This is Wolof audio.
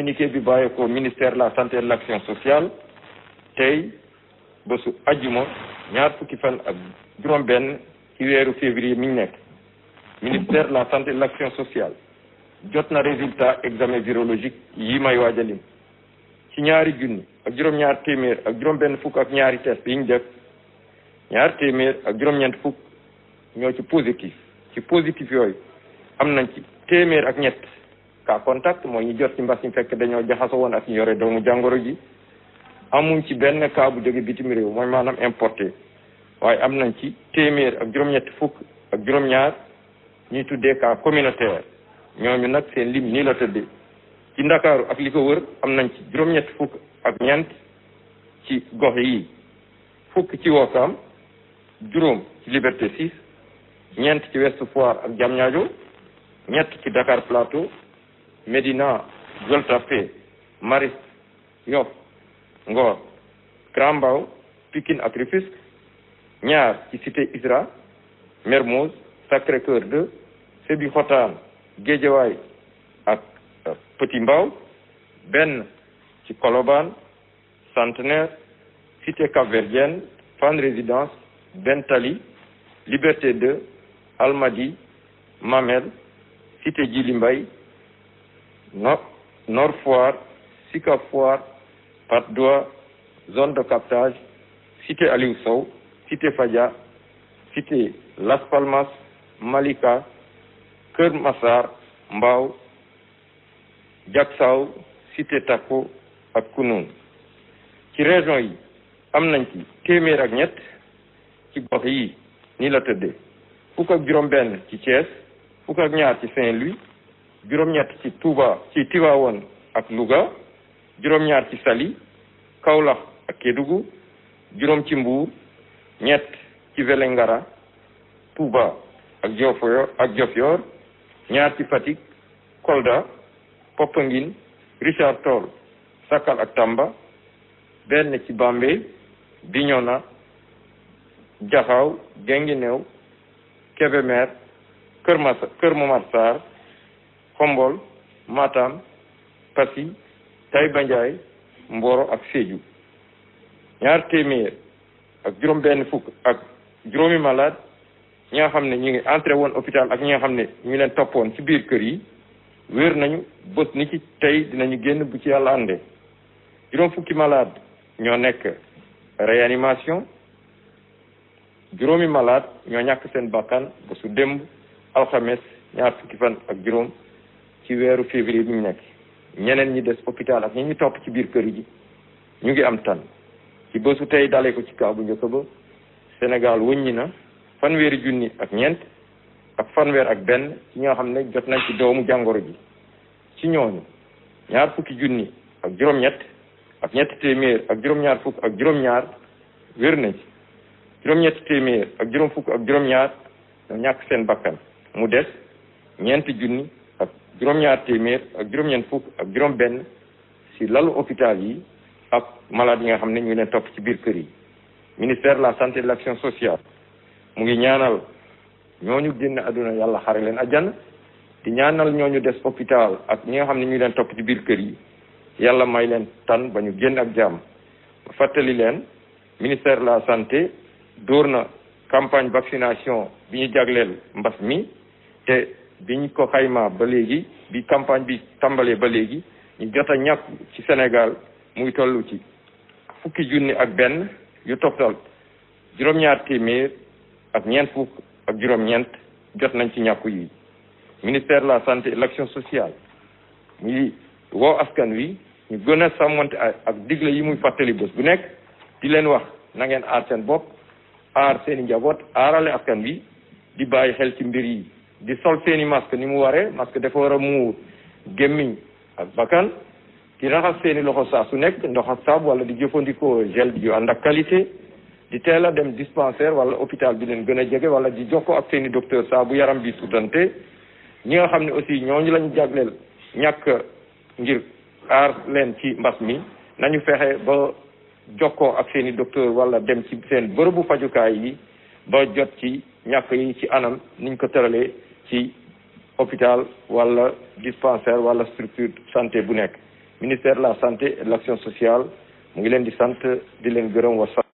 communiqué bi bàyyi ko ministère la santé et de l'action sociale tey bésu ajjuma ñaar fukki fan ak juróom-benn ci weeru février mi ñu nekk ministère la santé et de l'action sociale jot na résultat examen virologique yi may waajalim ci ñaari junni ak juróom-ñaar téeméer ak juróom-benn fukk ak ñaari test yi ñu ñaar téeméer ak juróom-ñeent fukk ñoo ci positif ci positif yooyu am nañ ci téeméer ak ñett cas contact mooy ñu jot ci mbas mi fekk dañoo jaxaso woon ak ñu yore doomu jàngoro ji amuñ ci benn cas bu jóge bitim réew mooy maanaam importé waaye am nañ ci téeméer ak juróom-ñetti fukk ak juróom-ñaar ñuy tuddee cas communautaire ñooñu nag seen lim ni la tëddee ci ndakaaru ak li ko wër am nañ ci juróom-ñetti fukk ak ñeent ci gox yi fukk ci Ouakam juróom ci Liberté 6 ñeent ci Ouest Foire ak Diamniadio ñett ci Dakar Plateau Médina Gueule Tapée Mariste Yoff Ngor Grand Mbao Pikine cité ISRA Mermoz Sacré-Cœur 2 Sébikotane Guédiawaye ak euh, Petit Mbao benn ci cité Cap-Verdienne Fann Résidence Bentali Liberté 2 Almadies Mamelles cité Djily Nord Nord Foire Sicap Foire zone de captage cité Aliou Sow cité Fadia cité Las Palmas Malika Kër Massar Mbao cité Tako ak Kounoune ci région yi am nañ ci téeméer ak ñett ci gox yi ni la tëddee fukk ak juróom ci Thiès fukk ak ñaar ci Saint-Louis juróom-ñett ci Touba ci Tivaouane ak Louga juróom-ñaar ci Saly Kaolack ak Kédougou juróom ci Mbour ñett ci Vélingara Touba ak Diofior ak Diofior ñaar ci Fatick Kolda Popenguine Richard Toll Sakal ak tàmba benn ci Bambey Bignona Diakhao Guinguinéo Kébémer Kër Massa Kër Momar Xombol Matam Passy Taïba Ndiaye Mboro ak Sédhiou ñaar téeméer ak juróom benn fukk ak juróomi malade ñi xam ne ñu ngi entré woon hôpital ak ñi xam ne ñu leen toppoon ci biir kër yi wér nañu bët ni ci tey dinañu génn bu ci yàlla ànde juróom fukki malade ñoo nekk réanimation juróomi malade ñoo ñàkk seen bakkan ba su démb alxames ñaar fukki fan ak juróom ci weeru février bi ñu nekk ñeneen ñi des hôpital ak ñu ñu topp ci biir kër gi ñu ngi am tan ci bësu tey dale ko ci kaw bu njëkk ba Sénégal wëññi na fanweeri junni ak ñeent ak fanweer ak benn ci ñoo xam ne jot nañ ci doomu jàngoro ji ci ñooñu ñaar fukki junni ak juróom-ñett ak ñetti téeméer ak juróom-ñaar fukk ak juróom-ñaar wér nañ juróom-ñetti téeméer ak juróom fukk ak juróom-ñaar ñoo ñàkk seen bakkan mu des ñeenti junni juróom-ñaar téeméer ak juróom-ñeent fukk ak juróom-benn si lalu hôpital yi ak malaat yi nga xam ne ñu leen topp ci biir kër yi ministère la santé et de l'action sociale mu ngi ñaanal ñooñu génn àdduna yàlla xare leen àjjana di ñaanal ñoo ñu des hôpital ak ñi nga xam ne ñu leen topp ci biir kër yi yàlla may leen tan ba ñu génn ak jàmm fàttali leen ministère la santé dóor na campagne vaccination bi ñu jagleel mbas mi te biñ ko xaymaa ba léegi bi campagne bi tàmbalee ba léegi ñu jot a ñàkk ci Sénégal muy tollu ci fukki junni ak benn yu toftal juróom-ñaar téeméer ak ñeent fukk ak juróom-ñeent jot nañ ci ñàkku yi ministère la santé et l'action sociale muy woo askan wi ñu gën a sàmmante ak digle yi muy fàttali bés bu nekk di leen wax nangeen ngeen aar seen bopp aar seeni njaboot aarale askan wi di bàyyi xel ci mbir yi di sol seeni masque ni mu waree masque dafa war a muur gémmiñ ak bakkan di raxas seeni loxo saa su nekk ndox ak saabu wala di jëfandikoo gel yu ànd ak qualité di teel a dem dispensaire wala hôpital bi leen gën a jege wala di jokkoo ak seeni docteur saabu yaram bi sutante ñi nga xam ne aussi ñooñu lañu jagleel ñàkk ngir aar leen ci mbat mi nañu fexe ba jokkoo ak seeni docteur wala dem ci seen bërëbu fajukaay yi ba jot ci ñàkk yi ci anam niñ ko tëralee ci hôpital wala dispensaire wala structure santé bu nekk ministère la santé et l'action sociale mu ngi leen di sant di leen gërëm wa